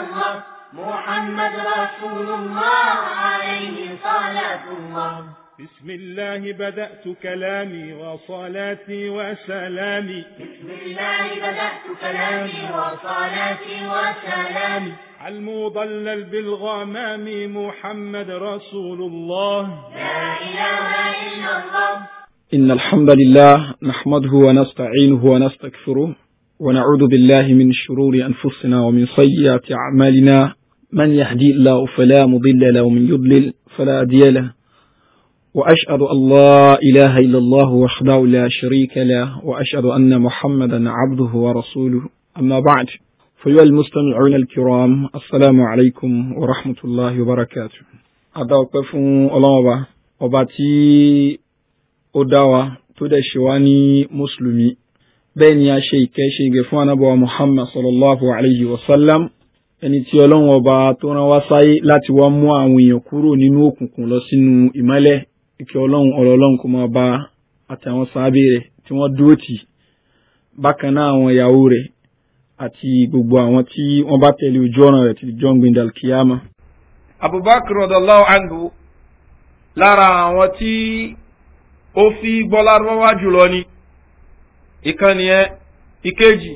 الله محمد رسول الله عليه صلاة الله بسم الله بدأت كلامي وصلاتي وسلامي بسم الله بدأت كلامي وصلاتي وسلامي المضلل بالغمام محمد رسول الله لا إله إلا الله إن الحمد لله نحمده ونستعينه ونستكفره ونعوذ بالله من شرور أنفسنا ومن سيئات أعمالنا من يهدي الله فلا مضل له ومن يضلل فلا هادي له وأشهد أن لا إله إلا الله وحده لا شريك له وأشهد أن محمدا عبده ورسوله أما بعد فيا المستمعون الكرام السلام عليكم ورحمة الله وبركاته أدعوك فون الله وباتي أدعوة تدشواني مسلمي bẹ́ẹ̀ ni a ṣe ìkẹ́ fún anábọ̀ muhammad sallallahu alayhi wa sallam ẹni tí ọlọ́run ọba tó rán wá sáyé láti wá mú àwọn èèyàn kúrò nínú òkùnkùn lọ sínú ìmọ́lẹ̀ ìkẹ́ ọlọ́run ọlọ́run kò máa bá àtàwọn sáábì rẹ̀ tí wọ́n dúró tì bákan náà àwọn ìyàwó rẹ̀ àti gbogbo àwọn tí wọ́n bá tẹ̀lé ojú ọ̀ràn rẹ̀ ti john gbendal kiyama. abubakar radallahu anhu lára àwọn tí ó fi gbọ́lá rọ́wá jùlọ ni. ìkànnì Ikeji ìkejì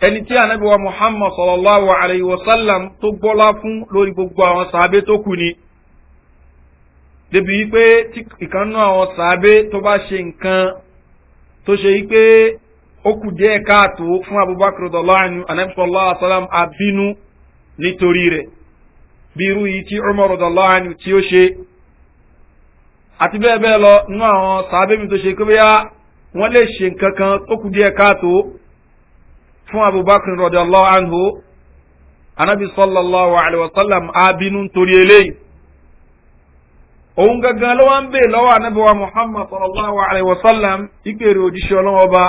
ẹni tí anabi wa muhammad sallallahu alayhi wa sallam tó fun fún lórí gbogbo àwọn sàábé tó kù ni débi wípé tí ìkànnì àwọn sàábé tó bá ṣe nǹkan tó ṣe ó kù káàtó fún abubakar dọ̀láàánú anabi sallallahu alayhi wa sallam abínú nítorí rẹ̀ bí yìí tí umar dọ̀láàánú tí ó ṣe àti bẹ́ẹ̀ bẹ́ẹ̀ lọ nínú àwọn mi tó wọ́n lè ṣe nǹkan kan tó kù díẹ̀ káàtó fún abubakar rọ̀dẹ̀ allah anhu anabi sallallahu alayhi wa sallam abinu nítorí eléyìí òun gangan ló wá ń bè lọ́wọ́ anabi wa muhammad sallallahu alayhi wa sallam ìpèrè òjíṣẹ́ ọlọ́wọ́ bá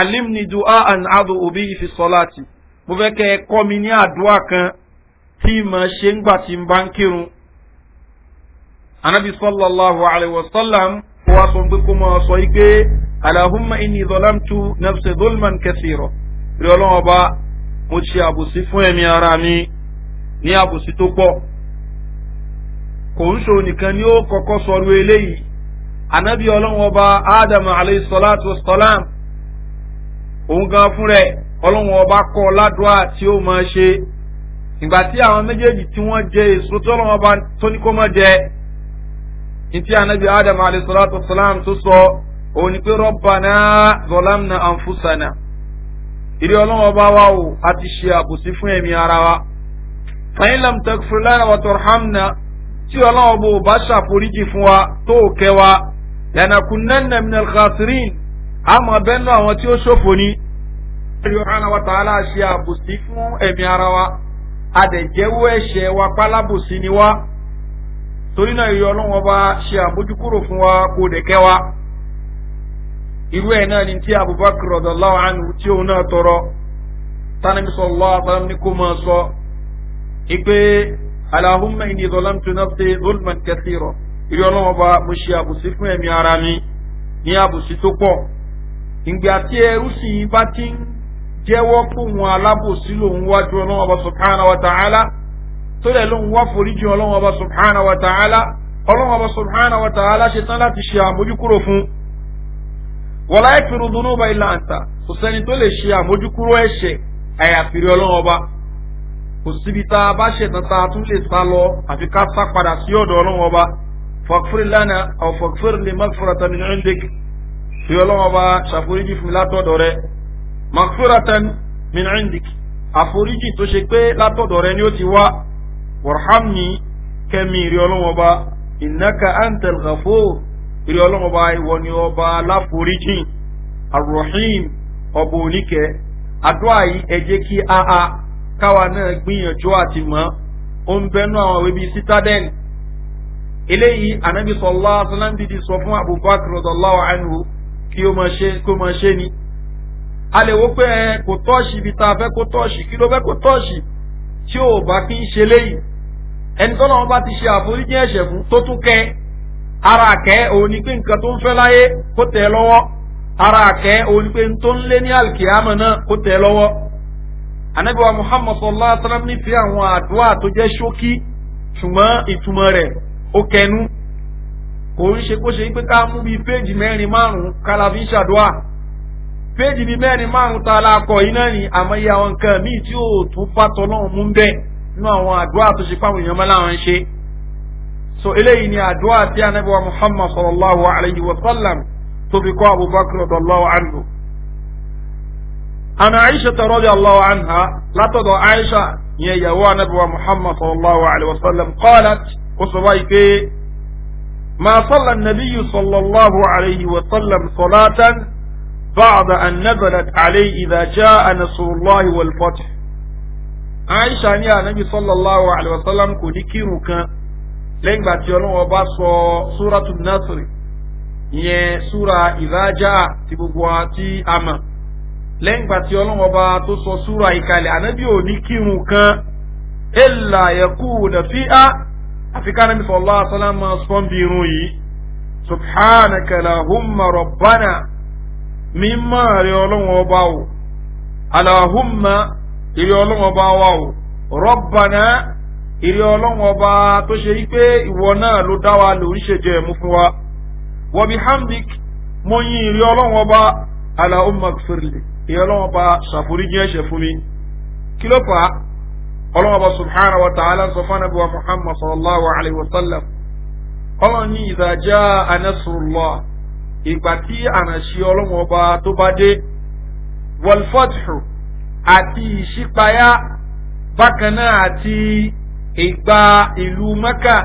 alimni du'a an adu obi ifi sọláàtì mo fẹ́ kẹ́ ẹ kọ́ mi ní àdúrà kan tí mà ṣe ń gbà tí n bá ń kírun anabi sallallahu alayhi wa sallam ó wá sọ pé kó máa sọ yìí pé. alahumma inni zolamtu nafsi zulman kasiro rí ọlọ́wọ́n bá mo ṣe àbòsí fún ẹ̀mí ara mi ní àbòsí tó pọ̀ kò ń ṣo nìkan ni ó kọ́kọ́ sọ̀rọ̀ eléyìí anabi ọlọ́wọ́n bá adam alayhi salatu wa salam òun gan fún rẹ̀ ọlọ́wọ́n bá kọ́ ládùá tí ó máa ṣe ìgbà tí àwọn méjèèjì tí wọ́n jẹ èso tọ́lọ́wọ́n bá tóníkó jẹ ní ti anabi adam alayhi salatu wa tó sọ òun ni pé rọ́bànà zọlámnà ànfúsànà ìrí ọlọ́wọ́ bá wà o a ti ṣe àbòsí fún ẹ̀mí ara wa fàyínlám tẹkfúrúláyà wà tọ̀rọ̀hámnà tí ọlọ́wọ́ bó bá ṣàforíjì fún wa tó kẹ́ wa yànnàkúnnánà minal khasirin àmọ́ bẹ́ẹ̀ náà àwọn tí ó ṣòfò ni yohana wa taala ṣe àbòsí fún ẹ̀mí ara wa adẹ̀jẹ́wọ́ ẹ̀ṣẹ̀ wa pálábòsí ni wa torí náà ìyọ́ ọlọ́run ọba ṣe àmójúkúrò fún wa kó dẹ̀kẹ́ wa irú ẹ̀ náà ni tí abubakar rọ̀dọ̀láwà ánú tí òun náà tọrọ tánàbí sọ lọ́wọ́ àbáram ní kó máa sọ ìpè alahumma ìní ìdọ̀lám tó náà ṣe zulman kẹsìrọ̀ irú ọlọ́wọ́ bá mo ṣe àbùsí fún ẹ̀mí ara mi ní àbùsí tó pọ̀ ìgbà tí ẹrú sì yín bá ti ń jẹ́wọ́ fún wọn alábòsí lòun wájú ọlọ́wọ́ bá subhanahu wa ta'ala tó dẹ̀ lòun wá foríjì ọlọ́wọ́ bá subhanahu wa ta'ala ọlọ́wọ́ bá subhanahu wa ta'ala ṣetán láti ṣe àmójúkúrò fún wọlá ẹ̀fìrù dunu bá ilà àǹtà kò sẹ́ni tó lè ṣe àmójúkúrò ẹ̀ṣẹ̀ àyàfìrí ọlọ́run ọba kò síbi tá a bá ṣètàn tá a tún lè sá lọ àfi ká sá padà sí ọ̀dọ̀ ọlọ́run ọba fọkfìrì lánàá àwọn fọkfìrì lè má fura tani ní ẹ̀ńdẹ́kì fi ọlọ́run ọba ṣàforíjì fún mi látọ̀dọ̀ rẹ má fura tani ní ẹ̀ńdẹ́kì àforíjì tó ṣe pé látọ̀dọ̀ rẹ ni ó ti wá wàhámì kẹ́mi ìrì ọlọ́run ọba ìnáka àǹtẹ̀l ìrẹ́ ọlọ́mọba ìwọ ni ọba aláforíjìn arrohim ọba oníkẹ́ àdúrà yìí ẹ jẹ́ kí aa káwa náà gbìyànjú àti mọ́ ó ń bẹ́nu àwọn òwe bíi eléyìí anabi sọlá sọláńdìdì sọ fún abubakar ọdọláwà ẹnu kí ó máa ṣe ni a lè wo pé kò tọ́ọ̀ṣì ibi tá a fẹ́ kó tọ́ọ̀ṣì kí ló fẹ́ kó tọ́ọ̀ṣì tí ò bá kí ń ṣe léyìí ẹni tọ́lọ́wọ́n bá ti ṣe àforíjì ẹ̀ṣẹ̀ fún tó tún kẹ́ ara àkẹ́ òun ni pé nǹkan tó ń fẹ́ láyé kó tẹ̀ lọ́wọ́ ara àkẹ́ òun ni pé n tó ń lé ní alkiyama náà kó tẹ̀ lọ́wọ́ anabiwa muhammad sallallahu alaihi wa sallam nífẹ̀ẹ́ àwọn àdúrà tó jẹ́ ṣókí ṣùgbọ́n ìtumọ̀ rẹ̀ ó kẹnu kò ń ṣe kó ṣe pé ká mú bíi péjì mẹ́rin márùn-ún kálá fi ń ṣàdúrà péjì bíi mẹ́rin márùn-ún la iná ni àmọ́ iye àwọn so eléyìí ni àdúrà tí anabi wa muhammad sallallahu alayhi wa sallam tó fi kọ́ abubakar radiyallahu anhu. ana aisha ta radiyallahu anha látọ̀dọ̀ aisha yẹn ìyàwó anabi wa muhammad sallallahu alayhi wa sallam qalat ó sọ báyìí pé ما صلى النبي صلى الله عليه وسلم صلاة بعد أن نزلت عليه إذا جاء نصر الله والفتح عائشة يا نبي صلى الله عليه وسلم كنكرك lẹ́yìn gbà tí ọlọ́wọ́ bá sọ súratu nasiri ìyẹn súra ìdájà ti gbogbo wa tí a mọ̀ lẹ́yìn gbà tí ọlọ́wọ́ bá tó sọ súra ìkàlẹ̀ ànábì ò ní kírun kan ẹ̀là ẹ̀kú nàfíà àfikànnà mi sọ̀lá sálámà sọ́ńbì irun yìí subhanaka lahumma rabbana mímọ́ rẹ̀ ọlọ́wọ́ bá wò alahumma ìrẹ̀ ọlọ́wọ́ bá wà wò rabbana ìrẹ ọlọ́run ọba tó ṣe yí pé ìwọ náà ló dá wa lórí ṣèjẹ ẹ̀mú fún wa wọbi hamdik mo yin ìrẹ ọlọ́run ọba aláhùn magfirli ìrẹ ọlọ́run ọba ṣàforíjì ẹ̀ṣẹ̀ fún mi kí ló fà á ọlọ́run ọba subhana wa ta'ala sọ fún anabi wa muhammad sallallahu alayhi wa sallam ọlọ́run ní ìdájá anasurullah ìgbà tí ànàṣe ọlọ́run ọba tó bá dé wọlfọ́tù àti ìṣípayá bákan náà àti ìgbà ìlú mẹ́kà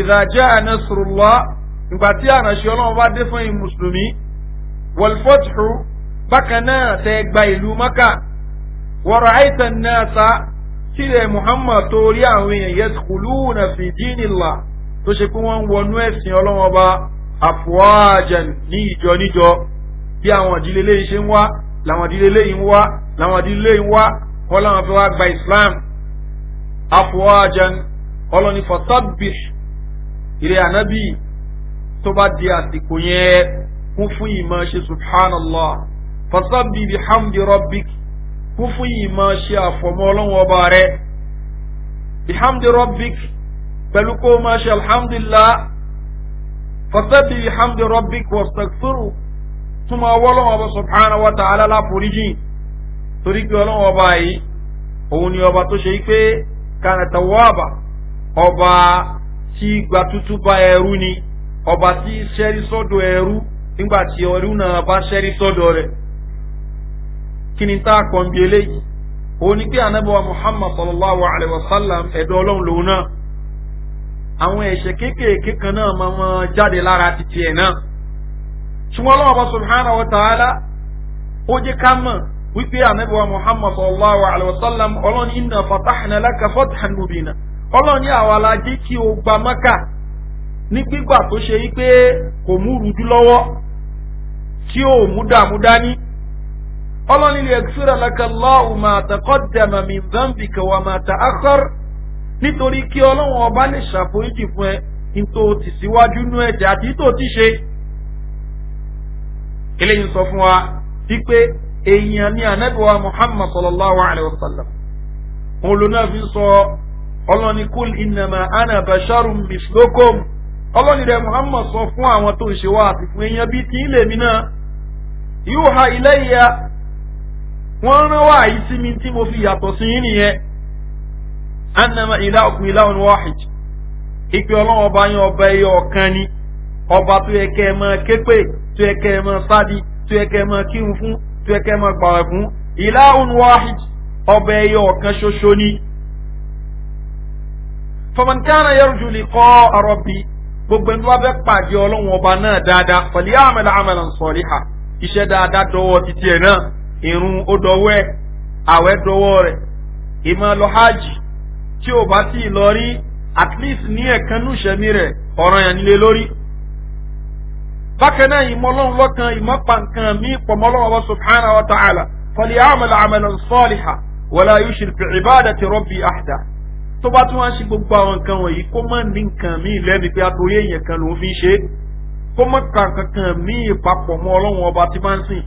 ìdájẹ́ ànásùrùlá ìgbà tí àránṣẹ́ ọlọ́run bá dé fún yín mùsùlùmí wọlfọ́tù bákan náà tẹ gba ìlú mẹ́kà wọ̀rọ̀ àìsàn náà sá sílẹ̀ muhammad tó rí àwọn èèyàn yẹn kùlù nà fìdí nìlà tó ṣe pé wọ́n ń wọnú ẹ̀sìn ọlọ́run ọba àfọ̀ájà ní ìjọ níjọ bí àwọn ìdílé lẹ́yìn ṣe ń wá làwọn ìdílé lẹ́yìn ń wá làwọn ìdílé lẹ́yìn ń wá kọ́ láwọn fẹ́ wá gba islam afuwajan ọlọ́ni fasabbih ìrẹ́ ànábì tó bá di àsìkò yẹn kún fún ìmọ̀ ṣe subhanallah fasabbih bihamdi rabbik kún fún ìmọ̀ ṣe àfọ̀mọ́ ọlọ́wọ́ ọba rẹ̀ bihamdi rabbik pẹ̀lú kó o máa ṣe alhamdulillah fasabbih bihamdi rabbik wastaghfiru tún máa wọ́ ọlọ́wọ́ ọba subhanahu wa ta'ala láforíjì torí pé ọlọ́wọ́ ọba yìí òun ni ọba tó ṣe pé. kana tawaba ọba tí gba tútú ba ẹrú ni ọba ti ṣẹ́rí sọ́dọ̀ ẹrú nígbà tí ẹrú náà bá ṣẹ́rí sọ́dọ̀ rẹ̀ kí ni tá a kàn bí eléyìí òun ni pé anábọ̀ muhammad sallallahu alayhi wa sallam ẹ̀dọ́ ọlọ́run lòun náà àwọn ẹ̀ṣẹ̀ kéékèèké kan náà máa jáde lára ẹ̀ náà ọba subhanahu wa ta'ala ó jẹ́ wípé anabiwa muhammad sallallahu alayhi wa sallam ọlọ́ni iná fatahana laka fatahan mubina ọlọ́ni àwa la jẹ́ kí o gba maka ní gbígbà tó ṣe yí pé kò mú rújú lọ́wọ́ tí ò mú dààmú dání ọlọ́ni lè ṣúra lakallahu máa taqaddama min dhanbika wa máa ta'akhkhar nítorí kí ọlọ́run ọba lè ṣàforíjì fún ẹ nítò ti síwájú nú ẹ̀jẹ̀ àti nítò ti ṣe eléyìí sọ fún wa wípé èèyàn ní anabiwa muhammad sallallahu alayhi wa sallam òun ló náà fi sọ ọlọ́ni ana basharun mislokom ọlọ́ni rẹ̀ muhammad sọ fún àwọn tó ń ṣe wá àti fún èèyàn bíi tí ń lè mí náà yóò ha iléyà wọ́n rán wá yìí sí mi tí mo fi yàtọ̀ sí yín nìyẹn anama ilá òkun ilá wáhìj ọba yẹn ọba ẹyọ ọ̀kan ni tó yẹ kẹ́ mọ́ gbàwẹ̀ fún ìlà òun wáhid ọba ẹyọ ọ̀kan ṣoṣo ni. fọmọntánà yẹrùjú lè kọ́ ọ̀rọ̀ bí gbogbo ẹni tó bá fẹ́ pàdé ọlọ́run ọba náà dáadáa pẹ̀lú àmàlà àmàlà sọ̀rí ha iṣẹ́ dáadáa dọwọ́ títí ẹ̀ náà irun ó dọwọ́ ẹ̀ àwẹ̀ dọwọ́ rẹ̀ ìmọ̀ lọ hajj tí ò bá sì lọ rí at least ní ẹ̀kan nùṣẹ́mi rẹ̀ ọ̀ràn yẹn nílé lórí bákan náà ìmọ̀lọ́run lọ́kan ìmọ̀pa nǹkan mi pọ̀mọ́lọ́run ọba subhana wa ta'ala fọlì àmàlà àmàlà sọ́ọ̀lìhà wọlé ayé ṣèlfì ìbáàdà ti rọ́bì àdá tó bá tún wá ṣe gbogbo àwọn nǹkan wọ̀nyí kó má ní nǹkan mi lẹ́nu pé atorí èèyàn kan ló ń fi ṣe kó má ka kankan mi papọ̀ mọ́ ọlọ́run ọba tí bá ń sìn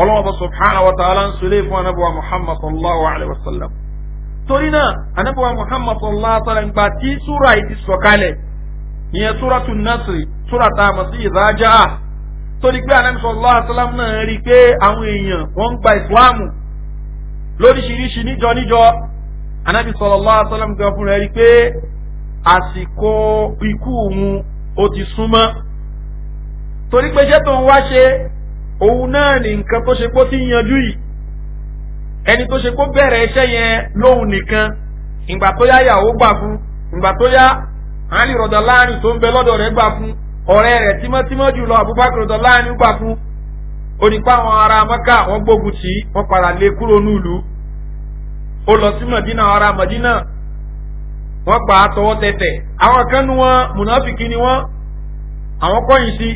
ọlọ́run ọba subhana wa ta'ala ń sọ léèfún anábọ̀wá muhammad sallallahu alayhi wa sallam torí náà anábọ̀wá muhammad sallallahu alayhi wa sallam gbà tí súra yìí ti sọ̀kalẹ̀ ìyẹn súra tún násìrì súrà tá a mọ̀ sí ìrájà torí pé anamisọ lọ́wọ́ asálám náà rí i pé àwọn èèyàn wọ́n ń gba ìsìláàmù lóríṣiríṣi níjọ níjọ anamisọ lọ́wọ́ asálám gan fúnra rí i pé àsìkò ikú òun ó ti súnmọ́ torí pé jẹ́ tó ń wá ṣe òun náà ní nǹkan tó ṣe pé ti yanjú yìí ẹni tó ṣe kó bẹ̀rẹ̀ iṣẹ́ yẹn lóhun nìkan ìgbà tó yá yàwó gbà fún ìgbà tó yá àlì rọ̀dà láàrin tó ń bẹ lọ́dọ̀ rẹ̀ gbà fún ọ̀rẹ́ rẹ̀ tímọ́tímọ́ jùlọ abubakar dọ̀lá ni ó gbà fún ó ní pa àwọn ará mọ́kà wọ́n gbógun tì í wọ́n padà lé e kúrò nílùú ó lọ sí mọ̀dínà ará mọ̀dínà wọ́n gbà á tọwọ́ tẹ̀tẹ̀ àwọn kan nu wọn mùnàfìkì ni wọ́n àwọn kọ́yìn sí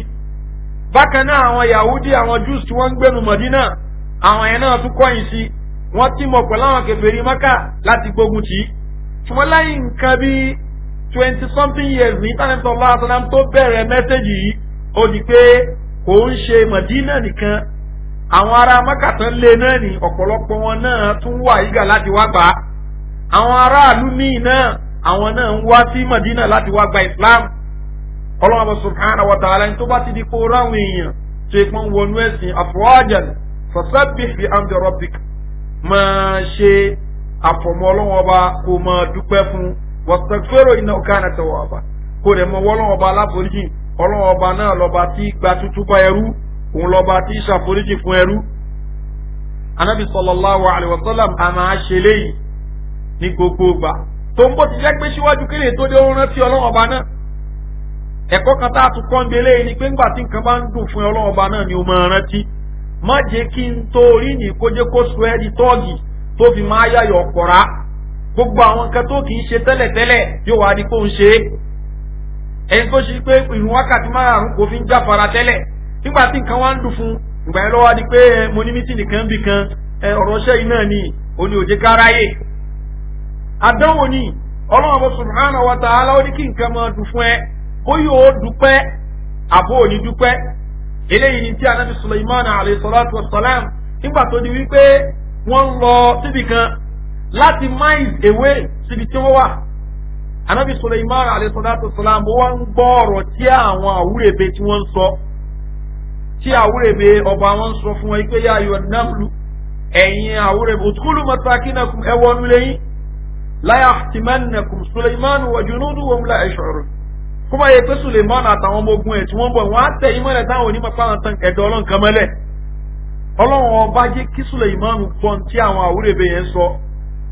bákan náà àwọn yahudi àwọn jews tí wọ́n ń gbẹnu mọ̀dínà àwọn yẹn náà tún kọ́yìn sí wọ́n ti pẹ̀lú àwọn kẹfẹ́rí mọ́kà láti gbógun tì í nǹkan bíi twenty something years ní tàbí sọlá asalam tó bẹ̀rẹ̀ mẹ́sẹ̀gì yìí ó di pé kò ń ṣe mọ̀dínà nìkan àwọn ará mọ́kàtán lé náà ní ọ̀pọ̀lọpọ̀ wọn náà tún wà yígà láti wá gbà á àwọn aráàlú míì náà àwọn náà ń wá sí mọ̀dínà láti wá gba islam ọlọ́run àbọ̀ subhana wa ta'ala ní tó bá ti di kó ráwọn èèyàn tó ìpọ́n wọnú ẹ̀sìn àfọwájà fọ́sábì fi amdi rọ́bìk máa ṣe àfọ̀mọ́ ọlọ́run ọba kó máa dúpẹ́ fún un. wọ́sọ̀fẹ́rò iná kánà tẹ̀wọ̀ ọba kò dẹ̀ mọ wọ́lọ́wọ́ ọba aláforíjì ọlọ́wọ́ ọba náà lọ́ba ti gba tuntun bá ẹrú òun lọ́ba fún anabi ti jẹ́ pé síwájú kéde tó dé ó rántí kan a tún ni fún ni o má jẹ́ kí n tó ní kójé kó sọ ẹ́ di tọ́ọ̀gì tó fi gbogbo àwọn nǹkan tó kì í ṣe tẹ́lẹ̀tẹ́lẹ̀ yóò wá ní kó ń ṣe é ẹni tó ṣe pé ìrùn wákàtí márùn kò fi ń tẹ́lẹ̀ nígbà tí nǹkan wá ń dùn lọ́wọ́ di pé mo ní mítìnì kan bì kan ọ̀rọ̀ ni òní òjé káráyè àdánwò ni ọlọ́run bó subhanahu náà ta'ala ó ní kí nǹkan máa dùn fún ẹ ó yóò dúpẹ́ àbó òní dúpẹ́ ni tí láti miles away síbi tí wọ́n wà anabi suleiman alayhisalatu salam wọ́n ń gbọ́ ọ̀rọ̀ tí àwọn àwúrẹ́bẹ tí wọ́n ń sọ tí àwúrẹ́bẹ ọba wọn ń sọ fún wọn pé yá ayọ̀ nàmlu ẹ̀yin àwúrẹ́bẹ òtúkúlù mọ́tàkínàkùn ẹ̀wọ̀n lẹ́yìn láyà tìmánàkùn suleiman wàjúnúdù wọn la ẹ̀ṣọ̀rọ̀ kọ́mọ yẹ pé suleiman àtàwọn ọmọ ogun ẹ̀ tí wọ́n bọ̀ wọ́n á tẹ̀ ìmọ̀lẹ̀ táwọn onímọ̀ pàrọ̀ tán ẹ̀dọ́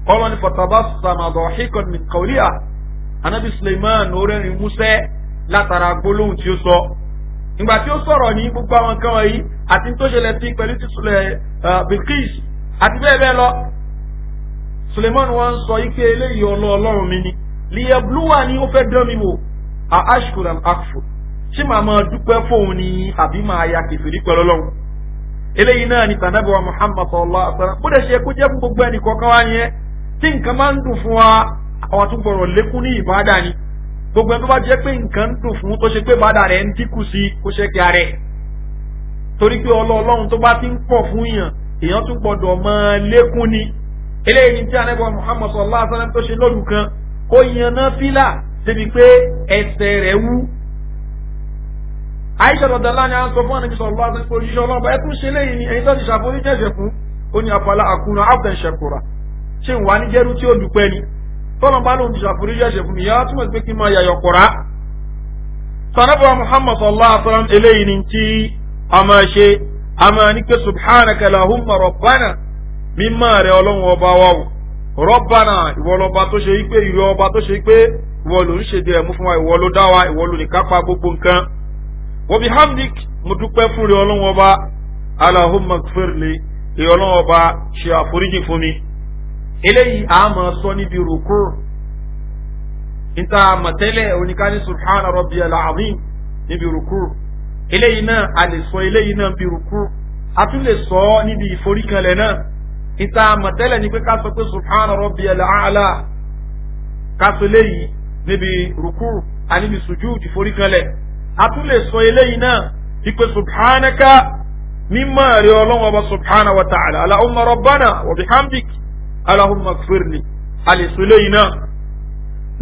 kọ́lọ́ ní fọ̀tàbásùsàmà dọ̀híkọ̀n mi kàwéyà anabi suleiman orẹ́rin musẹ́ látara gbólóhùn tí ó sọ ìgbà tí ó sọrọ ní gbogbo àwọn nǹkan wọ̀nyí àti tó ṣẹlẹ̀ sí pẹ̀lú ti sulẹ̀ bilkis àti bẹ́ẹ̀ bẹ́ẹ̀ lọ suleiman wọn sọ ike eléyìí ọlọ́ ọlọ́run mi ni liyabluwa ni ó fẹ́ dán mi wò a ashkul al akfur ṣé màá máa fóun ni àbí máa ya kẹfìrí pẹ̀lú ọlọ́run eléyìí náà ni tànàbí wa muhammad tí nǹkan bá ń dùn fún wa àwọn tó gbọ̀rọ̀ lékún ní ìbáadà ni gbogbo ẹni tó bá jẹ́ pé nǹkan ń dùn fún tó ṣe pé ìbáadà rẹ̀ ń dínkù sí kó ṣe kí ara ẹ̀ torí pé ọlọ́ọ̀lọ́run tó bá ti ń pọ̀ fún yàn èèyàn tún gbọ́dọ̀ mọ lékún ni eléyìí ni tí anábọ̀ muhammad sallallahu alayhi wa sallam tó ṣe lóru kan ó yanná fílà débi pé ẹsẹ̀ rẹ̀ wú àìsàn ọ̀dọ̀ láni sọ fún àníbi sallallahu alayhi pé òṣìṣẹ́ ọlọ́ọ̀bà ẹ ṣe léyìí ni ẹ̀yin tó ti ṣàforíjẹ̀ṣẹ̀ ṣé ń wà ní jẹ́rú tí ó dúpẹ́ ni tọ́lọ́ bá lóun ti ṣàforíjì ẹ̀ṣẹ̀ fún mi yá túmọ̀ sí pé kí n máa yàyọ̀ kọ̀rá. sanabu muhammad sallallahu alaihi wa sallam eléyìí ni ti a máa ṣe a máa ní pé subhanaka lahumma rabbana mímọ́ rẹ̀ ọlọ́run ọba wa o rọ́bànà ìwọ lọ́ba tó ṣe wípé ìwọ ọba tó ṣe wípé ìwọ ló ń ṣèdè ẹ̀mú fún wa ìwọ ló dá wa ìwọ ló ní kápá gbogbo nǹkan. wọ́bi hamdik mo dúpẹ́ fún rẹ̀ ọlọ́run ọba alahumma gfirli ìwọ ọlọ́run ọba ṣe àforíjì fún mi eléyìí a máa sọ níbi rúkú níta mọ̀tẹ́lẹ̀ oníkání subhana rabbi alaazim níbi rúkú eléyìí náà a lè sọ eléyìí náà níbi rúkú a tún lè sọ ọ́ níbi ìforíkanlẹ̀ náà níta mọ̀tẹ́lẹ̀ ni pé ká sọ pé subhana rabbi alaala ká sọ eléyìí níbi rúkú a níbi sùjú ìforíkanlẹ̀ a tún lè sọ eléyìí náà ipe subhanaka mímọ́ rẹ̀ ọlọ́wọ́ bá subhana wa ta'ala ala umma rabbana wa bihamdik aláhùnmá fèrèlè àlèsò na náà.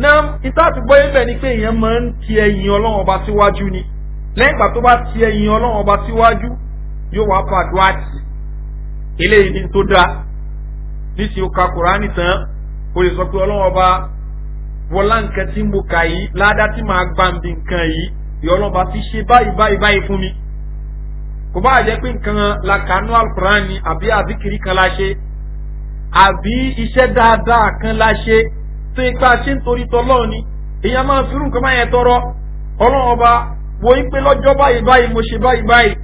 náà ìtàtí gbọ́yé bẹ̀ ni pé èèyàn máa ń ti ẹ̀yìn ọlọ́run ọba síwájú ni lẹ́yìn ìgbà tó bá ti ẹ̀yìn ọlọ́run ọba síwájú yóò wá pàdó àti eléyìí ni tó dáa níṣì ó ka kùránì tán ó lè sọ pé ọlọ́run ọba wọlá nǹkan tí mo kà yìí ládá tí màá gbà ń bi nǹkan yìí ìyọlọ́ba ti ṣe báyìí báyìí báyìí fún mi kò bá jẹ́ pé nǹkan la kà nú alukurani àbí àbíkiri kan la ṣe àbí iṣẹ́ dáadáa kan la ṣe tó ipa ṣe ń torí tọ́lọ́ ni èyí a máa fi irú nǹkan máa yẹn tọrọ ọlọ́run ọba wo yín pé lọ́jọ́ báyìí báyìí mo ṣe báyìí báyìí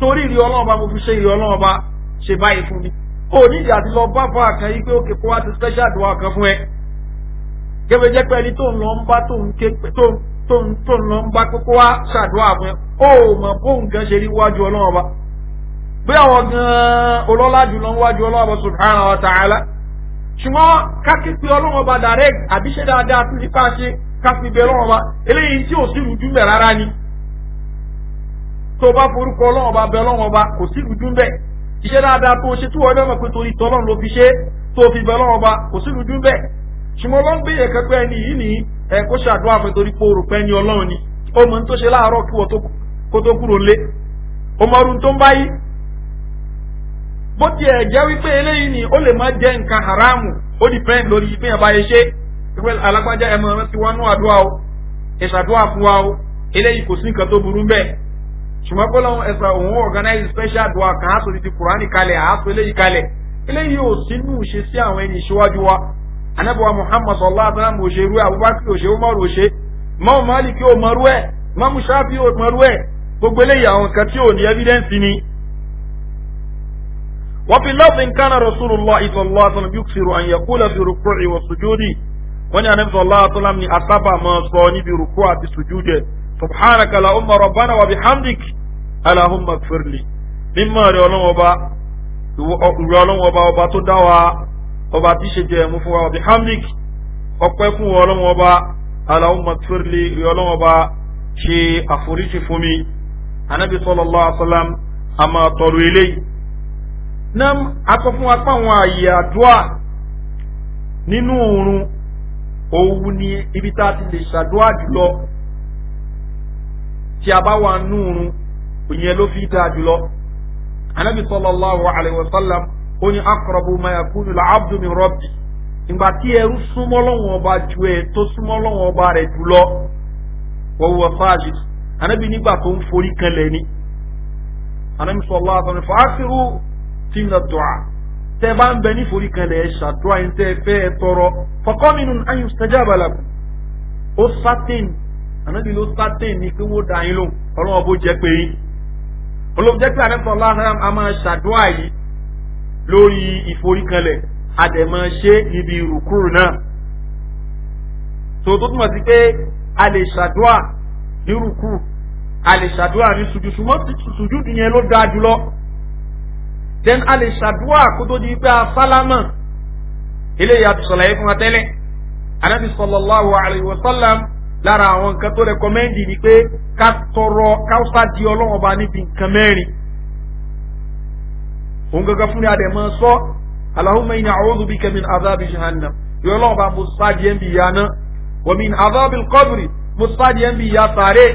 torí ìrì ọlọ́run ọba mo fi ṣe ìrì ọlọ́run ọba ṣe báyìí fún mi ó nídìí àti lọ bá fa àkàn yìí pé ó kékeré wá special dùn kan fún ẹ jẹ́ pé ẹni tó ń lọ ń bá tó ń ké tó ń pé àwọn gan-an olọ́lá jùlọ níwájú ọlọ́wọ́ subhana wa ta'ala ṣùgbọ́n kákìpé ọlọ́wọ́ bá direct àbíṣe dáadáa tún ní káṣe káfíńbẹ ọlọ́wọ́ bá eléyìí tí ò sí rújú mẹ́ rárá ni tó bá forúkọ ọlọ́wọ́ bá bẹ ọlọ́wọ́ bá kò sí rújú mẹ́ iṣẹ́ dáadáa tó ṣe pé torí tọ́lọ́n ló fi bó tiẹ̀ jẹ́ wípé eléyìí ni ó lè má jẹ́ nǹkan haramu ó depend lórí pé yẹn bá yẹ ṣe pé alágbájá ẹ mọ̀ rántí wọnú àdúrà o ìṣàdúrà fún wa o eléyìí kò sí nǹkan tó burú bẹ́ẹ̀ ṣùgbọ́n pé lọ́wọ́ ẹ̀sà òun organize special àdúrà kan á sọ ti di kùránì kalẹ̀ á sọ eléyìí kalẹ̀ eléyìí ò sínú ṣe sí àwọn ẹni ìṣíwájú wa anabiwa muhammad sallallahu alaihi wa sallam òṣèrú abubakar òṣèrú umar òṣè mọ́ọ̀ malik yóò mọ̀rú ẹ̀ mọ́ọ̀ musafi yóò mọ̀rú وفي لفظ كان رسول الله صلى الله عليه وسلم يكثر أن يقول في ركوعه وسجوده وأن النبي صلى الله عليه وسلم أصاب ما صاني بركوعه سجوده سبحانك اللهم ربنا وبحمدك اللهم اغفر لي مما ريولون وبا ريولون وبا وبا تدعوا وبا تشجع مفوا وبحمدك وقفوا ريولون وبا اللهم اغفر لي ريولون وبا شي أفريش فمي النبي صلى الله عليه وسلم أما طلو إليه nam akọ fún wa pé àwọn àyè àdúrà nínú oorun òun ni ibi tá a ti lè ṣàdúrà jùlọ tí a bá wà nínú oorun ìyẹn ló fi dáa jùlọ anabi sallallahu alayhi wa sallam ó ní akọrọbù mayakunu la abdu min rọbì ìgbà tí ẹrú súnmọ́ lọ́wọ́ ọba ju ẹ tó súnmọ́ lọ́wọ́ ọba rẹ̀ jùlọ wọ́n fáàjì anabi nígbà tó ń forí kan lẹ́ni anabi sallallahu alayhi wa sallam fàákìrú tí ń lọ dùn à tẹ bá ń bẹ ní forí kan lẹ ṣàdúrà yín tẹ fẹ tọrọ fọkànmínú ayùn sẹjáàbà làkù ó sátẹn ànábi ló sátẹn ní pé wọn dà yín lóhùn ọlọ́wọ́ bó jẹ́ pé yín olóhùn jẹ́ pé àdẹ́sọ̀ ọlọ́run a máa ṣàdúrà yìí ibi ìrùkúrù náà tòótọ́ túmọ̀ sí pé a lè ṣàdúrà ní rùkúrù a lè ṣàdúrà ní sùjúdù ṣùgbọ́n sùjúdù yẹn ló dáa jùlọ then a lè ṣàdúrà kó tó di pé a sálámà eléyìí a ti sọ̀làyé fún wa tẹ́lẹ̀ anabi sallallahu alayhi wa sallam lára àwọn nǹkan tó rẹkọmẹ́ndì ni pé ká tọrọ káwùsá di ọlọ́wọ́n ba níbi nǹkan mẹ́rin òun gangan fún mi àdèmọ́ sọ alahuma ina awudu bi kamin azabi jahannam yọ ọlọ́wọ́n ba mo sá di ẹnbi yaana wàmin azabi kọ́bìrì mo sá di ẹnbi yaasare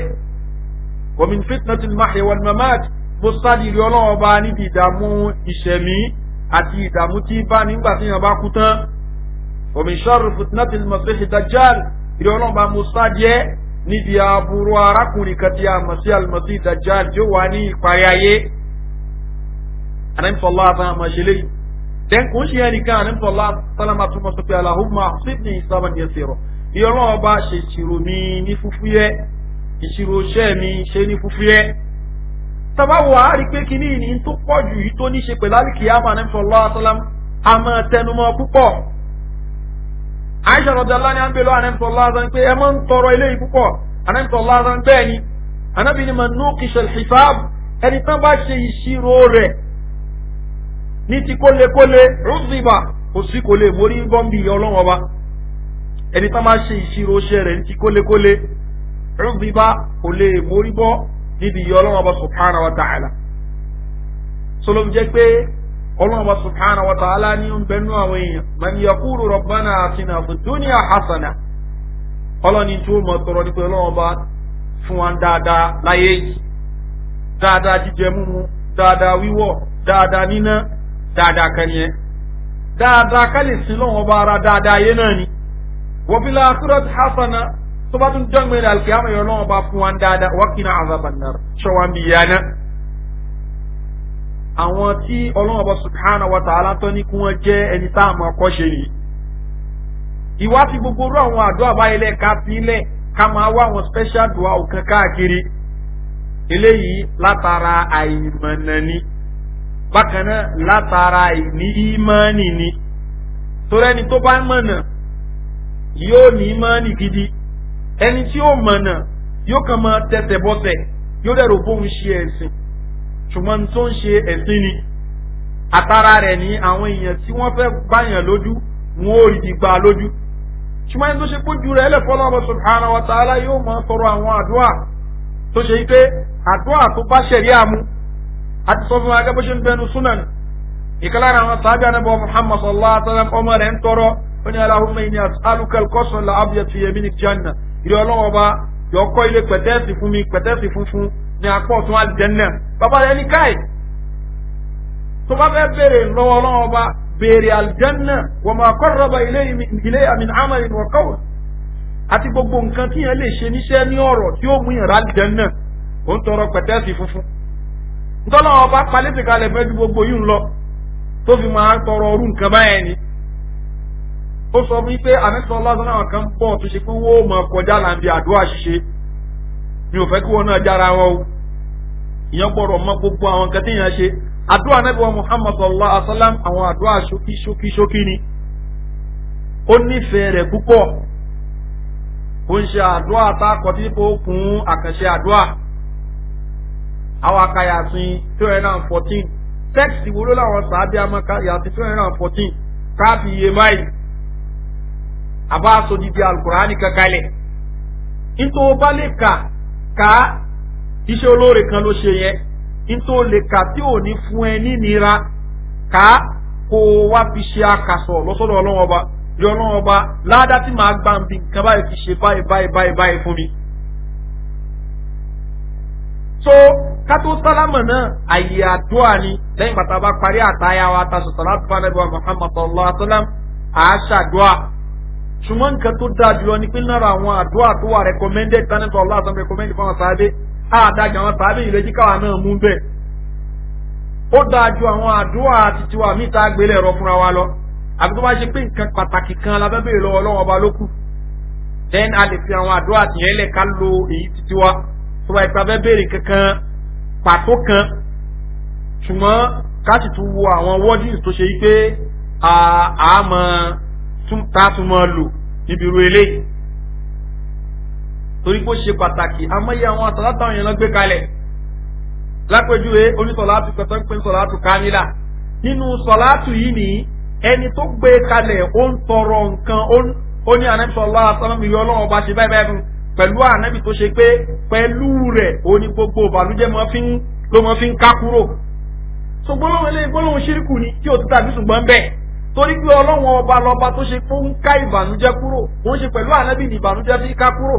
wàmin fitnatul mahya wal mamati mo sádìrí ọlọ́wọ́ bá níbi ìdààmú ìṣẹ̀mí àti ìdààmú tí bá nígbà tí yàn bá kú tán omisọ́rù fìtínàtì mọ̀síhì dajjal ìrí ọlọ́wọ́ bá mo sádìẹ́ níbi àbúrò arákùnrin kan tí a mọ̀ sí àlùmọ̀sí dajjal tí ó wà ní ìparí ayé anamsọ́lá àbá àmọ́ ṣẹlẹ̀ yìí dẹ́n kò ń ṣe ẹnìkan anamsọ́lá sálámà túmọ̀ sọ pé aláhùnmá sídìní ní fúfúyẹ́ tọ́ba wà á rí pé kíní ìní tó pọ̀ jù yìí tó ní ṣe pẹ̀lú àlìkì àmà ní sọlá àtọ́lám àmọ́ tẹnumọ́ púpọ̀ àìṣà rọ̀dọ̀lá ni à ń bèèrè lọ́wọ́ àná sọlá àtọ́lám pé ẹ máa ń tọrọ eléyìí púpọ̀ àná sọlá àtọ́lám bẹ́ẹ̀ ni anábì ni manu kìṣẹ̀l xisab ẹni tán bá ṣe ìṣirò rẹ̀ ní ti kólekóle rúzìbà kò sí kò lè mórí bọ́m̀bì ọlọ́wọ́n kò lè mórí bọ́ níbi ìyọ ọlọ́run ọba subhana wa ta'ala sọlọ́m jẹ́ pé ọlọ́run ọba wa ní àwọn èèyàn rọ̀bánà hasana ọlọ́ni tí ó mọ̀ tọrọ pé ọlọ́run ọba fún wa dáadáa láyé yìí dáadáa jíjẹ múmu dáadáa wíwọ̀ dáadáa níná tó bá tún jọ́gbìn rẹ̀ alkiyama yọ lọ́wọ́ bá fún wa ń dáadáa wákìnà azabannar ṣọwọ́n bí yánà. àwọn tí ọlọ́wọ́ bá subhana wa ta'ala tó ní kí wọ́n jẹ́ ẹni tá a máa kọ́ ṣe nìyí. ìwá ti gbogbo rú àwọn àdó àbáyẹlẹ ká sílẹ̀ ká máa wá àwọn special dua òkan káàkiri. eléyìí látara àìmọ̀nà ni bákan náà látara àìní ìmọ̀ọ́nì ni. torí ẹni tó bá mọ̀nà yóò ní ìmọ̀ọ́nì gidi ẹni tí ó mọ̀nà yóò kàn máa tẹsẹ̀ bọ́sẹ̀ yóò dẹ̀ rò bóun ṣe ẹ̀sìn ṣùgbọ́n tó ń ṣe ẹ̀sìn ni àtara rẹ̀ ní àwọn èèyàn tí wọ́n fẹ́ báyàn lójú wọn ò rí gbà lójú ṣùgbọ́n ẹni tó ṣe pójú rẹ̀ ẹlẹ́fọ́lọ́ ọmọ subhana wa ta'ala yóò máa tọrọ àwọn àdúrà tó ṣe yí pé àdúrà tó bá ṣẹ̀rí àmú àti sọ fún wa ń bẹnu súnà ìkàlára àwọn sábẹ́ anábọ̀ muhammad sallallahu alaihi wa sallam ọmọ rẹ̀ ń tọrọ ó ní aláhùnmẹ́ ní asálùkẹ́lì kọ́sùn làbíyàtì yẹmí ní jannah ìrẹ́ ọlọ́wọ́ bá yọkọ́ ilé pẹ̀tẹ́ẹ̀sì fún mi pẹ̀tẹ́ẹ̀sì funfun ní apọ̀ tún àlìjẹ́nà bàbá rẹ̀ ní káì tó bá fẹ́ béèrè lọ́wọ́ ọlọ́wọ́ bá béèrè àlìjẹ́nà wọ́n máa kọ́ rọ́bà ilé àmì àmàlì wọ̀kọ́wọ̀ àti gbogbo nǹkan tí yẹn lè ṣe níṣẹ́ ní ọ̀rọ̀ tí ó mú ìrà àlìjẹ́nà ó ń tọrọ pẹ̀tẹ́ẹ̀sì funfun ntọ́lọ́wọ́ bá palẹ́sì kalẹ̀ fẹ́ ju gbogbo yìí ń lọ tó fi máa tọrọ ọrú nǹkan báyẹn ni ó sọ fún yín pé àmẹ́sọ̀ lásán àwọn kan pọ̀ tó ṣe pé wọ́n mọ̀ kọjá làǹdí àdúrà ṣíṣe mi ò fẹ́ kí wọn náà jára wọn o ìyẹn gbọ́dọ̀ mọ gbogbo àwọn nǹkan tí yẹn ṣe àdúrà náà bí wọn muhammad sallallahu alaihi wa sallam àwọn àdúrà ṣókí ṣókí ṣókí ni ó nífẹ̀ẹ́ rẹ̀ púpọ̀ ó ń ṣe àdúrà tá a kọ tí kò kún àkànṣe àdúrà àwọn akayàsìn two hundred and fourteen text wo ló láwọn sàábíà mọ́ two hundred and fourteen káàbì iye báyìí àbá aṣọ bi alukurani kankanlẹ̀ nítorí o bá lè kà ká iṣẹ́ olóore kan ló ṣe yẹn nítorí o lè kà tí ò ní fún ẹ nínira ká kó o wá fi ṣe àkàsọ̀ lọ́sọ̀dọ̀ ọlọ́wọ́n ọba lé ọlọ́wọ́n ọba ládàá tí màá gbà ń bi nǹkan báyìí fi ṣe báyìí báyìí báyìí báyìí fún mi. so kátó sálámà náà àyè àdúrà ni lẹ́yìn bàtà bá parí àtayá wa tasọ̀tà láti fún anábìwá muhammadu allah salam àá ṣàdúrà ṣùgbọ́n nǹkan tó dáa jùlọ ni pé lára àwọn àdúrà tó wà recommended tánẹ́tọ̀ ọlọ́àtàn recommended fún àwọn sáábé àdájà àwọn sáábé ìlú ẹjí káwa náà mú bẹ́ẹ̀. ó dáa ju àwọn àdúrà àti tiwa míì tá a gbélé ẹ̀rọ fúnra wa lọ àbí tó bá ṣe pé nǹkan pàtàkì kan la fẹ́ bèèrè lọ́wọ́ a lè fi àwọn àdúrà tìyẹn lẹ̀ ká wa tó bá ipa fẹ́ pàtó kan ṣùgbọ́n ká sì tún wo àwọn wordings tó ṣe yí pé àmọ́ tá a tún máa lò níbi irú eléyìí torí pé ó ṣe pàtàkì amóye àwọn àtàlátà òyìnbó gbé kalẹ̀ lápẹjúwe onítọ̀látù kẹtọ́ ń pè ní sọ̀látù kámílà nínú sọ̀látù yìí ni ẹni tó gbé kalẹ̀ ó ń tọrọ nǹkan ó ní anẹ́bísọ̀lá sọ́nàmì yọ ọlọ́run ọba ṣe báyìí báyìí fún pẹ̀lú ànábì tó ṣe pé pẹ̀lú rẹ̀ ó ní gbogbo ìbànújẹ́ ló mọ fi ń ká kúrò. sọ gbólóhùn eléyìí gbólóhùn ṣírìkù ni tí òtítà bí ṣùgbọ́n bẹ́ẹ̀ torí pé ọlọ́wọ́n ọba lọ́ba tó ṣe fún ń ká ìbànújẹ́ kúrò òun ṣe pẹ̀lú ànábì ní ìbànújẹ́ fi ká kúrò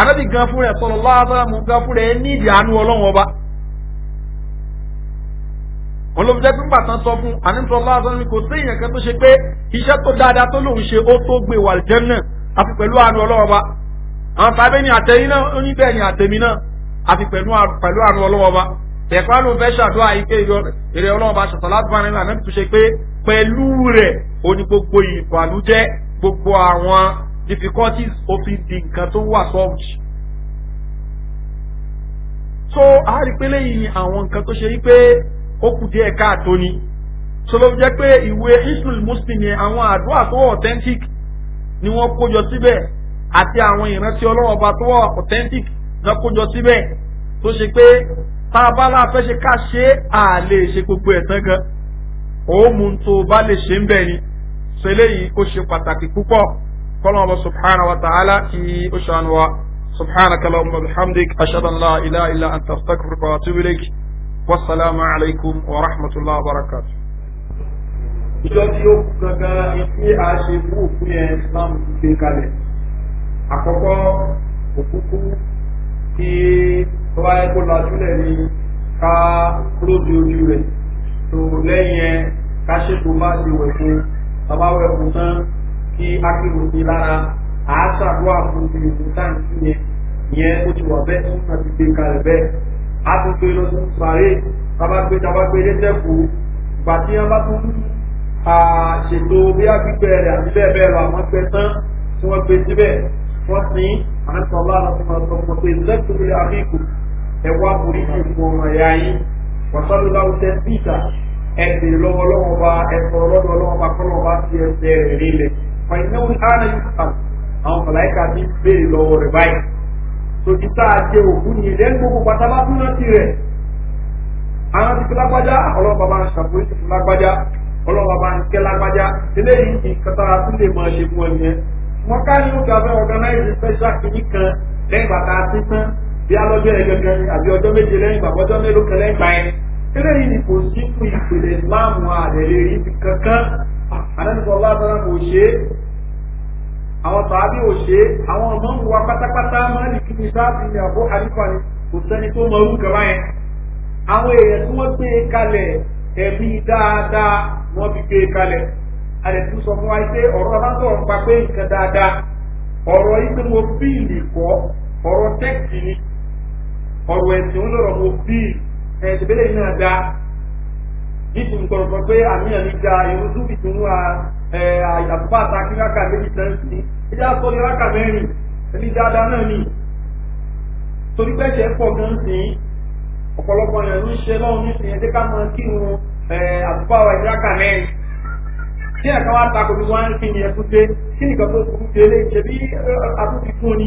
ànábì gan fún rẹ̀ sọ̀rọ̀ láàbàmù gan fún rẹ̀ ní ìdí àánú ọlọ́wọ́n ọba. olóòjẹ́ pé ńgbà tán sọ fún àníṣọ́ láàbàmù kò sí èèyàn kan tó ṣe pé iṣẹ́ tó dáadáa tó lòun ṣe ó tó gbé wà jẹ́ àfi pẹ̀lú àánú ọlọ́wọ́n ọba àwọn ni àtẹ̀yìn náà oníbẹ̀ ni àtẹ̀mí náà àfi pẹ̀lú àánú tẹ̀kọ́ ló fẹ́ ṣàdúrà yìí pé èrè ọlọ́run bá ṣàtọ̀ láti bá nílò àmẹ́bí tó ṣe pé pẹ̀lú rẹ̀ o ní gbogbo ìbànújẹ́ gbogbo àwọn difficulties òfin di nǹkan tó wà sọ́ọ̀jì. so a rí pé lẹ́yìn àwọn nǹkan tó ṣe yí pé ó kù díẹ̀ káàtó ni sọlọ jẹ́ pé ìwé israel muslim yẹn àwọn àdúrà tó authentic ni wọ́n kójọ síbẹ̀ àti àwọn ìrántí ọlọ́run ọba tó authentic náà kójọ síbẹ̀ tó ṣe pé tá a bá láfẹ́ ṣe ká ṣe à lè ṣe gbogbo ẹ̀tàn gan òun tó bá lè ṣe ń bẹ̀ ni ṣe léyìí ó ṣe pàtàkì púpọ̀ kọ́lọ́n ọba subhana wa ta'ala kí ó ṣàánú wa subhana kala umar alhamdulilayi ashadan la ilaha illa anta astaghfiruka wasalaamu alaykum wa rahmatulahi wa ìjọ tí ó kú gangan ìpín àṣekú òfin ẹ̀ islam ti gbé kalẹ̀ àkọ́kọ́ òkúkú kí tó bá yẹ kó lajúlẹ̀ ni ká kúròdì ojú rẹ̀ tó lẹ́yìn ẹ ká ṣètò bá ti wẹ̀ fún bàbá wẹ̀ fún tán kí ákìlò sí lára àásàdúrà fún ti ìmúsáǹtì yẹn ìyẹn ó ti wà bẹ́ẹ̀ tún àti gbé kalẹ̀ bẹ́ẹ̀ a ti gbé lọ sí sàárè bàbá gbé tàbá ìgbà tí wọ́n bá tún ṣètò bí a gbígbẹ́ rẹ̀ àti bẹ́ẹ̀ bẹ́ẹ̀ lọ àwọn gbẹ tán tí wọ́n gbé síbẹ̀ wọ́n sin àǹtọ̀lá àti ọ̀sán pé lẹ́kùnrin àríkù ẹ wá oríṣi fún ọmọ ẹ̀yà yín wàsálùláwù tẹ pítà ẹ bèrè lọ́wọ́ lọ́wọ́ bá ẹ sọ̀rọ̀ lọ́dọ̀ lọ́wọ́ bá kọ́ lọ́wọ́ bá fi ẹsẹ̀ rẹ̀ lélẹ̀ fàìnáwó hánà yóò kà àwọn mọ̀láìkà ti bèrè lọ́wọ́ rẹ̀ báyìí sojútà àti òkú ni ilé gbogbo pátá bá tún náà ti rẹ̀ àwọn ti fi lágbájá ọlọ́wọ́ bá ń ṣàpòlítì fún lágbájá ọlọ́wọ́ bá ń kẹ́ lágbájá eléyìí ìkàtà tún lè máa ṣe fún ẹ bí alọ́jọ́ yẹn gẹ́gẹ́ àbí ọjọ́ méje lẹ́yìn bàbá ọjọ́ mélòó kan lẹ́yìn gbà yẹn eléyìí ni kò sí fún ìpìlẹ̀ ìmáàmù àdẹ̀lẹ̀ yìí ti kankan àdánìkọ̀ ọlọ́dọ́lá kò ṣe é àwọn tàbí ò ṣe é àwọn ọmọ ń wa pátápátá mọ́lì kí ni sáàbì ni àbó àdìpọ̀ ni kò sẹ́ni tó mọ orúkọ báyẹn àwọn èèyàn tí wọ́n gbé e kalẹ̀ ẹ̀mí dáadáa wọ́n fi gbé e kalẹ̀ àdẹ̀tú sọ fún wa pé ọ̀rọ̀ abátọ̀ ń pa pé nǹkan dáadáa ọ̀rọ̀ yìí pé mo fíìlì kọ́ ọ̀rọ̀ tẹ́kì ni Ọrụ ẹ̀sìn ń lọ̀rọ̀ mo bí ẹ̀ẹ́dẹ̀bẹ̀lẹ̀ iná da nítorí kọ̀rọ̀kọ̀ pé àmì mi da irun zúbì a ń wa ta kí méjì tán sí ní mẹ́rin ẹni dáadáa náà ni torí pẹ́ẹ́sẹ̀ pọ̀ gan sí ọ̀pọ̀lọpọ̀ yẹn ló ń ṣe máa wa ní ráka mẹ́rin tí ní ń fi ní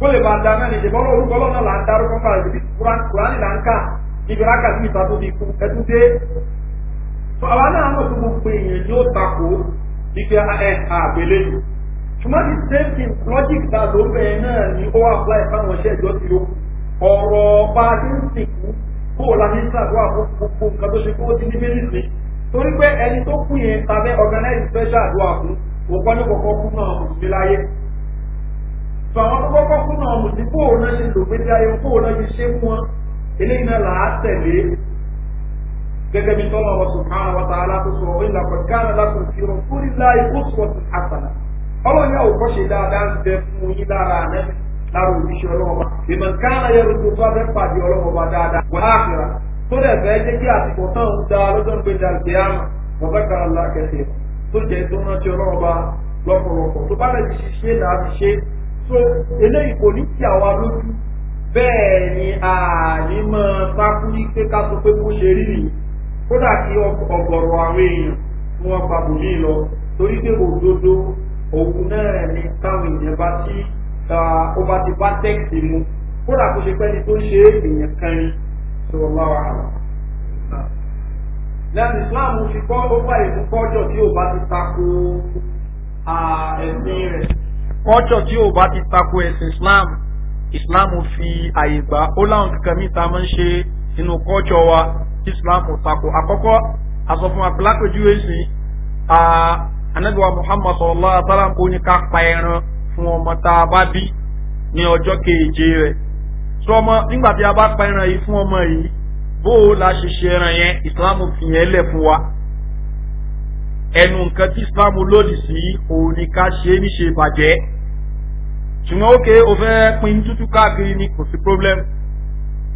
kó lè bá da náà nìjẹ́ bọ́lá orúkọ ọlọ́run náà là ń darúkọ fà ibi kúránì là ń kà ibi rákà sí ìta tó fi kú ẹtú dé. sọ àwa náà mọ̀ tó gbogbo èèyàn yóò takò ibi àgbélé ah, yìí ṣùgbọ́n the same thing logic ta ló bẹ̀rẹ̀ náà ni ó apply fáwọn iṣẹ́ ìjọ ti yó ọ̀rọ̀ ọba tí ń sìnkú kó o láti ṣàdúrà fún gbogbo nǹkan tó ṣe kó o ti ní mílíọ̀nù torí pé ẹni tó kú yẹn tàbí organize special àdúrà fún òkọ́ ní kọ̀ọ̀kan fún náà òṣèlú láyé fàwọn tó kọ́kọ́ fún àwọn mùsùlùmí kó o náà ṣe lògbédé ayé kó o náà ṣe ṣe fún wọn eléyìí náà là á tẹ̀lé gẹ́gẹ́ bí tọ́lá wọn sùnkàn wọn tààlà tó sọ ìlà pẹ̀kánà lásán fi hàn fún ilá ikú sọ̀tún àtàlà ọlọ́run yà òkọ́ ṣe dáadáa ń bẹ fún yín lára àná lára òṣìṣẹ́ ọlọ́wọ́ba ìmọ̀ kánà yẹn lóko tó abẹ́ pàdé ọlọ́wọ́ba dáadáa wọ́n á so eléyìí kò ní ti àwa lójú bẹ́ẹ̀ ni ànímọ̀ sákúrí pé ká sọ pé kó ṣe rí nìyí kódà kí ọgọ̀rọ̀ àwọn èèyàn tí wọ́n pa bòmí lọ torí pé òdodo òun náà ni táwọn èèyàn bá ti ó bá ti bá tẹ́ẹ̀sì mu kódà kó ṣe pẹ́ni tó ṣe èèyàn kan ni sọ̀rọ̀ láwa àlọ́ lẹ́nu islam fi kọ́ ó bá ìfúkọ́jọ́ tí ó bá ti tako ẹ̀sìn rẹ̀ culture tí ò bá ti tako ẹ̀sìn islam islam fi àyè gbà ó láwọn kankan míì tá a máa ń ṣe inú culture wa tí islam ò tako àkọ́kọ́ àsọfún apilápẹ̀júwe sí anabiwa muhammad sallallahu alaihi wa sallam ó ní ká pa ẹran fún ọmọ tá a bá bí ní ọjọ́ keje rẹ̀ sọ nígbà tí a bá pa ẹran yìí fún ọmọ yìí bó o la ṣe ṣe ẹran yẹn islam fi yẹn lẹ̀ fún wa ẹnu nǹkan tí islam lòdì sí òun ni ká ṣe é níṣe bàjẹ́ ṣùgbọ́n ókè o fẹ́ pin tútù káàkiri ni kò sí problem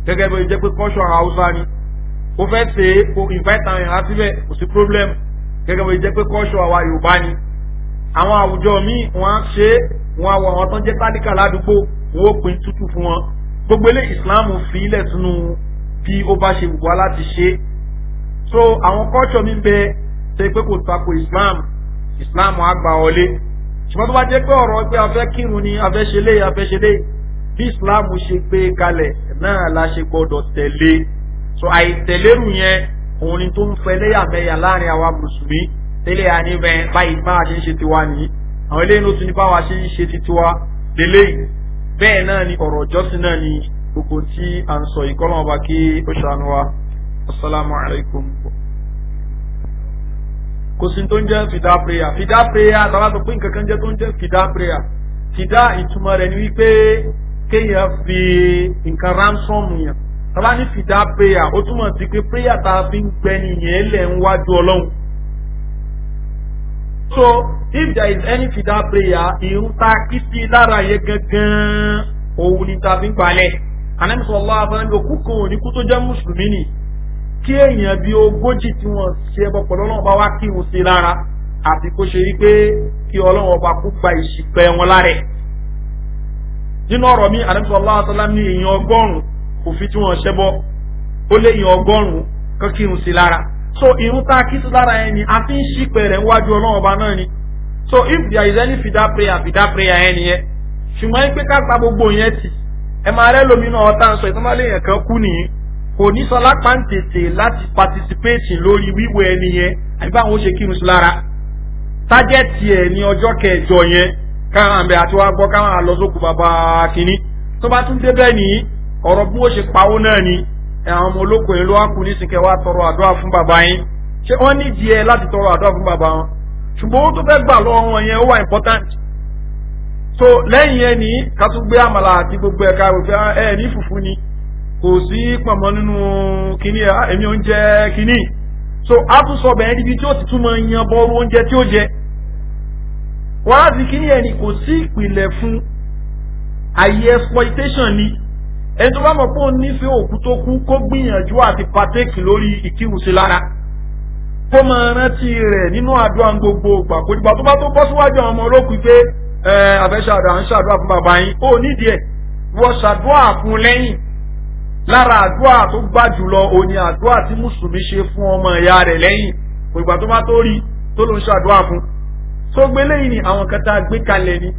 gẹ́gẹ́ bí o jẹ́ pé kọ́ṣọ́ hausa ni o fẹ́ ṣe o invite àwọn èèyàn síbẹ̀ kò sí problem gẹ́gẹ́ bí o jẹ́ pé kọ́ṣọ́ àwa yorùbá ni àwọn àwùjọ míì wọ́n á ṣe wọn àwọ̀ àwọn tó ń jẹ́ sádìkà ládùúgbò wọ́n ó pin tútù fún wọn gbogbo ilé islam fi ilẹ̀ sínú bí ó bá ṣe wùwá láti ṣe so àwọn kọ́ṣọ́ mi bẹ ṣe pé kò tako islam islam á gbà wọlé ṣùgbọ́n tó bá jẹ́ pé ọ̀rọ̀ pé afẹ́ kírun ni afẹ́ ṣe lé afẹ́ ṣe lé bí islam ṣe gbé e kalẹ̀ náà la ṣe gbọ́dọ̀ tẹ̀lé so àìtẹ̀lérù yẹn òun ni tó ń fẹ́ lẹ́yàmẹ̀yà láàrin àwa mùsùlùmí tẹ́lẹ̀ àníbẹ̀ báyìí bá a ṣe ń ṣe tiwa nìyí àwọn eléyìí ló tún ní báwa ṣe ń ṣe tiwa lélẹ́yìn bẹ́ẹ̀ náà ni ọ̀rọ̀ ọjọ́sìn náà ni gbogbo tí à ń sọ ìkọ́lọ́mọba kí ó ṣàánú wa asalaamualeykum kò sí tó ń jẹ́ fìdá prayer fìdá prayer tàbá sọ pé nǹkan kan jẹ́ tó ń jẹ́ fìdá prayer fìdá ìtumọ̀ rẹ̀ ni wípé kéèyàn fi nǹkan ransom yàn tàbá ní fìdá prayer ó túmọ̀ sí pé prayer tá a fi ń gbẹni yẹn lẹ̀ ń wájú ọlọ́run. so if there is any fida prayer ìhun ta kí sí lára yẹn gangan òun ni ta fi ń gbalẹ̀ ànábìsọ̀ ọlọ́wà fún ẹni òkú kan òní kú tó jẹ́ mùsùlùmí nìyí kí èèyàn bíi ogójì tí wọ́n ṣe ẹbọ pẹ̀lú ọlọ́run bá wá kí wọn sí lára àti kó ṣe rí pé kí ọlọ́run ọba kó gba ìṣìpẹ̀ wọn lára nínú ọ̀rọ̀ mi àdàbísọ̀ aláwọ̀sálá ní èèyàn ọgọ́rùn-ún òfin tí wọ́n ṣẹbọ ó lé èèyàn ọgọ́rùn kan kí wọn sí lára. so irun tá a kí sí lára ẹ ni a fi ń ṣìpẹ̀ rẹ̀ níwájú ọlọ́run ọba náà ni. so if there is any fida prayer fida prayer ẹ nìyẹn ṣùgbọ́n pé ká gba gbogbo yẹn ti ẹ máa rẹ́ lómi ọ̀tá ń sọ ìtọ́mọ́lé kan kú nìyí kò ní sọ lápá ń tètè láti patisipéètì lórí wíwo ẹni yẹn àbí báwọn ó ṣe kírun sí lára tájẹ́tì ẹ̀ ní ọjọ́ kẹjọ yẹn káwọn àmì àti wá gbọ́ káwọn àlọ́sókù bàbá kínní tó bá tún débẹ̀ ní ọ̀rọ̀ bí wọ́n ṣe pawó náà ni àwọn ọmọ olóko yẹn ló wá kú nísìnyí kẹwàá tọrọ àdúrà fún bàbá yín ṣé wọ́n ní díẹ̀ láti tọrọ àdúrà fún bàbá wọn ṣùgbọ́n owó tó fẹ́ gbà lọ́wọ́ wọn yẹn ó wà important so lẹ́yìn yẹn ní ká tún gbé àmàlà àti gbogbo ẹ̀ka ẹ̀ ah, ní fùfú ni kò sí pọ̀mọ́ nínú kínní ah, èmi oúnjẹ kínní so àtúnṣọ bẹ̀rẹ̀ níbi tí ó ti túmọ̀ yan bọ́ọ̀rù oúnjẹ tí ó jẹ wọ́n á sì kínní ẹni kò sí ìpìlẹ̀ fún àyè exploitation ni ẹni tó bá mọ̀ pé òun nífẹ̀ẹ́ òkú tó kú kó gbìyànjú àti partake lórí ìkírùsí lára kó máa rántí rẹ̀ nínú àdúrà gbogbo ògbà kò dìgbà tó bá tó bọ́ síwájú àwọn ọmọ olókùn pé ẹ eh, àfẹ́ ṣàdúrà ń ṣàdúrà fún bàbá yín ó nídìí ẹ̀ wọ́n ṣàdúrà fún lẹ́yìn lára àdúrà tó gbà jùlọ òní àdúrà tí mùsùlùmí ṣe fún ọmọ ìyá rẹ̀ lẹ́yìn kò ìgbà tó bá tó rí tó ló ń ṣàdúrà fún tó gbé lẹ́yìn ni àwọn kan tá a gbé kalẹ̀ ni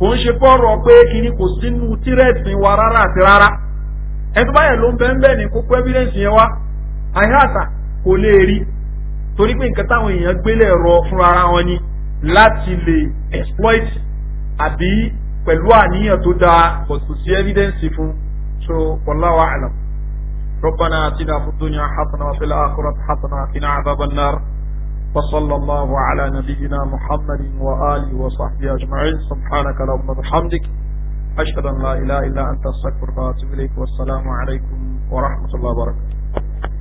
kò ń ṣe kọ́rọ̀ pé kíní kò sínú tírẹ̀sì wa rárá àti rárá ẹ tó báyẹ̀ ló ń bẹ́ẹ̀ bẹ́ẹ̀ ni kókó ẹ́fídẹ́ǹsì yẹn wá àyàtà kò lè rí torí pé nǹkan táwọn èèyàn gbélé ẹ̀rọ fúnra wọn ni láti lè exploit àbí pẹ̀lú àníyàn tó dáa kò sí ẹ́fídẹ́ǹsì fún un so wallahu a'lam ربنا اتنا في الدنيا حسنه وفي الاخره حسنه وقنا عذاب النار وصلى الله على نبينا محمد واله وصحبه اجمعين سبحانك اللهم وبحمدك اشهد ان لا اله الا انت استغفرك واتوب اليك والسلام عليكم ورحمه الله وبركاته